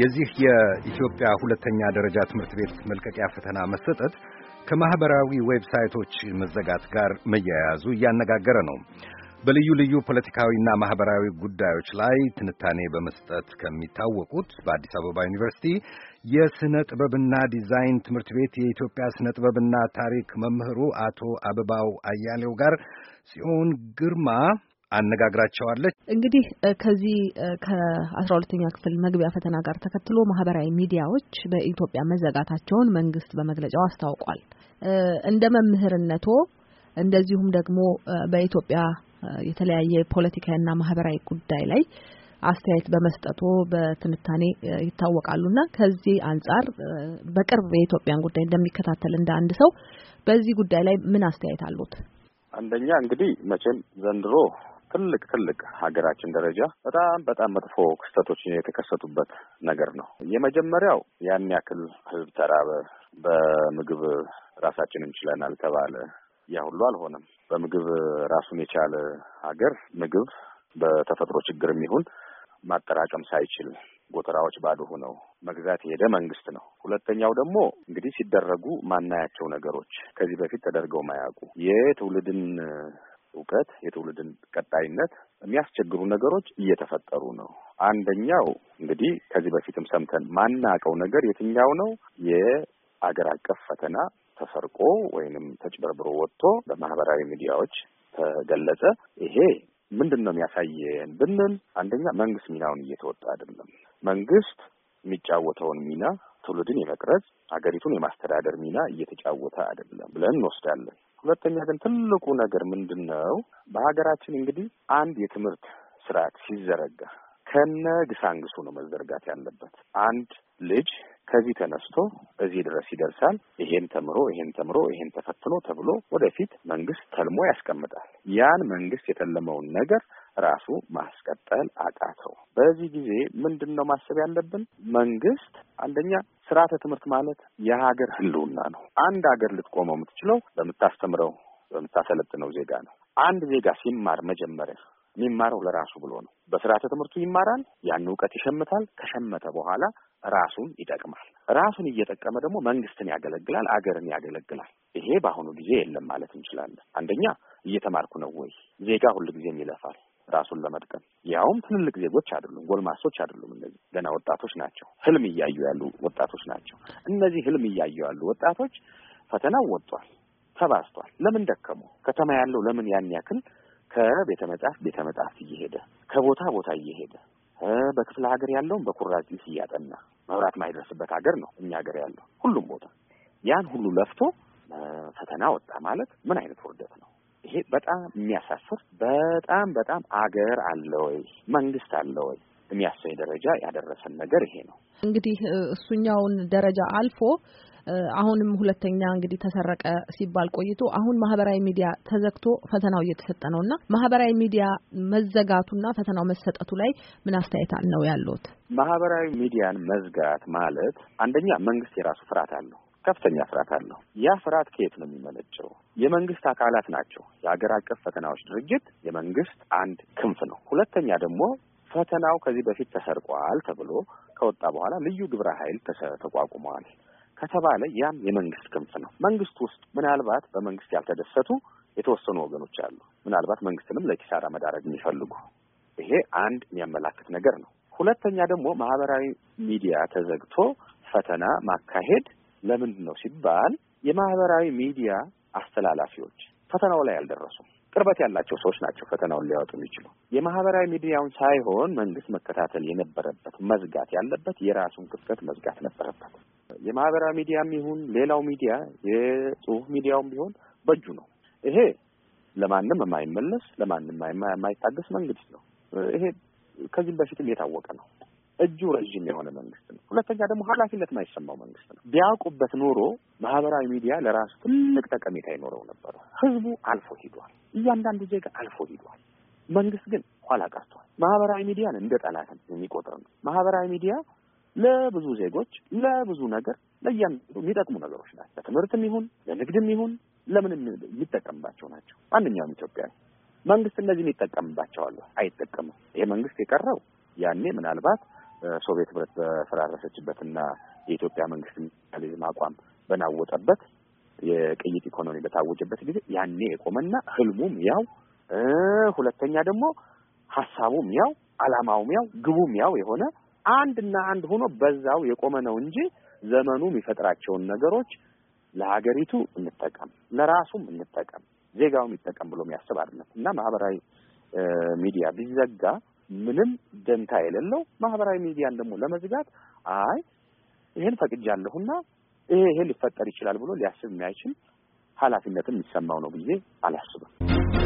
የዚህ የኢትዮጵያ ሁለተኛ ደረጃ ትምህርት ቤት መልቀቂያ ፈተና መሰጠት ከማህበራዊ ዌብሳይቶች መዘጋት ጋር መያያዙ እያነጋገረ ነው። በልዩ ልዩ ፖለቲካዊና ማኅበራዊ ጉዳዮች ላይ ትንታኔ በመስጠት ከሚታወቁት በአዲስ አበባ ዩኒቨርሲቲ የሥነ ጥበብና ዲዛይን ትምህርት ቤት የኢትዮጵያ ሥነ ጥበብና ታሪክ መምህሩ አቶ አበባው አያሌው ጋር ሲሆን ግርማ አነጋግራቸዋለች። እንግዲህ ከዚህ ከአስራ ሁለተኛ ክፍል መግቢያ ፈተና ጋር ተከትሎ ማህበራዊ ሚዲያዎች በኢትዮጵያ መዘጋታቸውን መንግስት በመግለጫው አስታውቋል። እንደ መምህርነቶ እንደዚሁም ደግሞ በኢትዮጵያ የተለያየ ፖለቲካና ማህበራዊ ጉዳይ ላይ አስተያየት በመስጠቱ በትንታኔ ይታወቃሉና ከዚህ አንጻር በቅርብ የኢትዮጵያን ጉዳይ እንደሚከታተል እንደ አንድ ሰው በዚህ ጉዳይ ላይ ምን አስተያየት አሉት? አንደኛ እንግዲህ መቼም ዘንድሮ ትልቅ ትልቅ ሀገራችን ደረጃ በጣም በጣም መጥፎ ክስተቶች የተከሰቱበት ነገር ነው። የመጀመሪያው ያን ያክል ህዝብ ተራበ፣ በምግብ ራሳችን እንችለናል ተባለ። ያ ሁሉ አልሆነም። በምግብ ራሱን የቻለ ሀገር ምግብ በተፈጥሮ ችግር የሚሆን ማጠራቀም ሳይችል ጎተራዎች ባዶ ሆነው መግዛት የሄደ መንግስት ነው። ሁለተኛው ደግሞ እንግዲህ ሲደረጉ ማናያቸው ነገሮች ከዚህ በፊት ተደርገው ማያውቁ የትውልድን እውቀት፣ የትውልድን ቀጣይነት የሚያስቸግሩ ነገሮች እየተፈጠሩ ነው። አንደኛው እንግዲህ ከዚህ በፊትም ሰምተን ማናቀው ነገር የትኛው ነው? የአገር አቀፍ ፈተና ተሰርቆ ወይንም ተጭበርብሮ ወጥቶ በማህበራዊ ሚዲያዎች ተገለጸ። ይሄ ምንድን ነው የሚያሳየን ብንል፣ አንደኛ መንግስት ሚናውን እየተወጣ አይደለም። መንግስት የሚጫወተውን ሚና ትውልድን የመቅረጽ ሀገሪቱን የማስተዳደር ሚና እየተጫወተ አይደለም ብለን እንወስዳለን። ሁለተኛ ግን ትልቁ ነገር ምንድን ነው? በሀገራችን እንግዲህ አንድ የትምህርት ስርዓት ሲዘረጋ ከነ ግሳንግሱ ነው መዘርጋት ያለበት። አንድ ልጅ ከዚህ ተነስቶ እዚህ ድረስ ይደርሳል፣ ይሄን ተምሮ ይሄን ተምሮ ይሄን ተፈትኖ ተብሎ ወደፊት መንግስት ተልሞ ያስቀምጣል። ያን መንግስት የተለመውን ነገር ራሱ ማስቀጠል አቃተው። በዚህ ጊዜ ምንድን ነው ማሰብ ያለብን? መንግስት አንደኛ ስርዓተ ትምህርት ማለት የሀገር ህልውና ነው። አንድ ሀገር ልትቆመው የምትችለው በምታስተምረው በምታሰለጥነው ዜጋ ነው። አንድ ዜጋ ሲማር መጀመሪያ የሚማረው ለራሱ ብሎ ነው። በስርዓተ ትምህርቱ ይማራል፣ ያን እውቀት ይሸምታል። ከሸመተ በኋላ ራሱን ይጠቅማል። ራሱን እየጠቀመ ደግሞ መንግስትን ያገለግላል፣ አገርን ያገለግላል። ይሄ በአሁኑ ጊዜ የለም ማለት እንችላለን። አንደኛ እየተማርኩ ነው ወይ? ዜጋ ሁልጊዜም ይለፋል። ራሱን ለመጥቀም ያውም ትልልቅ ዜጎች አይደሉም፣ ጎልማሶች አይደሉም። እነዚህ ገና ወጣቶች ናቸው፣ ህልም እያዩ ያሉ ወጣቶች ናቸው። እነዚህ ህልም እያዩ ያሉ ወጣቶች ፈተናው ወጥቷል፣ ተባስቷል። ለምን ደከሙ? ከተማ ያለው ለምን ያን ያክል ከቤተ መጽሐፍት ቤተ መጽሐፍት እየሄደ ከቦታ ቦታ እየሄደ በክፍለ ሀገር ያለውን በኩራዚስ እያጠና መብራት ማይደርስበት ሀገር ነው እኛ ሀገር ያለው ሁሉም ቦታ ያን ሁሉ ለፍቶ ፈተና ወጣ ማለት ምን አይነት ውርደት ነው? ይሄ በጣም የሚያሳፍር በጣም በጣም አገር አለ ወይ መንግስት አለ ወይ የሚያሰኝ ደረጃ ያደረሰን ነገር ይሄ ነው። እንግዲህ እሱኛውን ደረጃ አልፎ አሁንም ሁለተኛ እንግዲህ ተሰረቀ ሲባል ቆይቶ አሁን ማህበራዊ ሚዲያ ተዘግቶ ፈተናው እየተሰጠ ነው እና ማህበራዊ ሚዲያ መዘጋቱና ፈተናው መሰጠቱ ላይ ምን አስተያየት ነው ያሉት? ማህበራዊ ሚዲያን መዝጋት ማለት አንደኛ መንግስት የራሱ ፍርሃት አለው። ከፍተኛ ፍርሃት አለው። ያ ፍርሃት ከየት ነው የሚመነጨው? የመንግስት አካላት ናቸው። የሀገር አቀፍ ፈተናዎች ድርጅት የመንግስት አንድ ክንፍ ነው። ሁለተኛ ደግሞ ፈተናው ከዚህ በፊት ተሰርቋል ተብሎ ከወጣ በኋላ ልዩ ግብረ ኃይል ተቋቁመዋል ከተባለ ያም የመንግስት ክንፍ ነው። መንግስት ውስጥ ምናልባት በመንግስት ያልተደሰቱ የተወሰኑ ወገኖች አሉ። ምናልባት መንግስትንም ለኪሳራ መዳረግ የሚፈልጉ ይሄ አንድ የሚያመላክት ነገር ነው። ሁለተኛ ደግሞ ማህበራዊ ሚዲያ ተዘግቶ ፈተና ማካሄድ ለምንድን ነው ሲባል የማህበራዊ ሚዲያ አስተላላፊዎች ፈተናው ላይ ያልደረሱ ቅርበት ያላቸው ሰዎች ናቸው ፈተናውን ሊያወጡ የሚችሉ። የማህበራዊ ሚዲያውን ሳይሆን መንግስት መከታተል የነበረበት መዝጋት ያለበት የራሱን ክፍተት መዝጋት ነበረበት። የማህበራዊ ሚዲያም ይሁን ሌላው ሚዲያ የጽሁፍ ሚዲያውም ቢሆን በእጁ ነው። ይሄ ለማንም የማይመለስ ለማንም የማይታገስ መንግስት ነው። ይሄ ከዚህም በፊትም የታወቀ ነው። እጁ ረዥም የሆነ መንግስት ነው። ሁለተኛ ደግሞ ኃላፊነት የማይሰማው መንግስት ነው። ቢያውቁበት ኖሮ ማህበራዊ ሚዲያ ለራሱ ትልቅ ጠቀሜታ ይኖረው ነበረ። ህዝቡ አልፎ ሂዷል። እያንዳንዱ ዜጋ አልፎ ሂዷል። መንግስት ግን ኋላ ቀርቷል። ማህበራዊ ሚዲያን እንደ ጠላትን የሚቆጥር ነው። ማህበራዊ ሚዲያ ለብዙ ዜጎች ለብዙ ነገር ለእያንዳንዱ የሚጠቅሙ ነገሮች ናቸው። ለትምህርትም ይሁን ለንግድም ይሁን ለምን የሚጠቀምባቸው ናቸው። ማንኛውም ኢትዮጵያ መንግስት እነዚህን ይጠቀምባቸዋል አይጠቀምም። ይሄ መንግስት የቀረው ያኔ ምናልባት ሶቪየት ህብረት በፈራረሰችበትና የኢትዮጵያ መንግስት ሚኒስትሪያሊዝም አቋም በናወጠበት የቅይጥ ኢኮኖሚ በታወጀበት ጊዜ ያኔ የቆመና ህልሙም ያው ሁለተኛ ደግሞ ሀሳቡም ያው አላማውም ያው ግቡም ያው የሆነ አንድና አንድ ሆኖ በዛው የቆመ ነው እንጂ ዘመኑ የሚፈጥራቸውን ነገሮች ለሀገሪቱ እንጠቀም፣ ለራሱም እንጠቀም፣ ዜጋውም ይጠቀም ብሎ የሚያስብ አይደለም እና ማህበራዊ ሚዲያ ቢዘጋ ምንም ደንታ የሌለው ማህበራዊ ሚዲያን ደግሞ ለመዝጋት አይ ይሄን ፈቅጃለሁና ይሄ ይሄ ሊፈጠር ይችላል ብሎ ሊያስብ የሚያይችል ኃላፊነትም የሚሰማው ነው ብዬ አላስብም።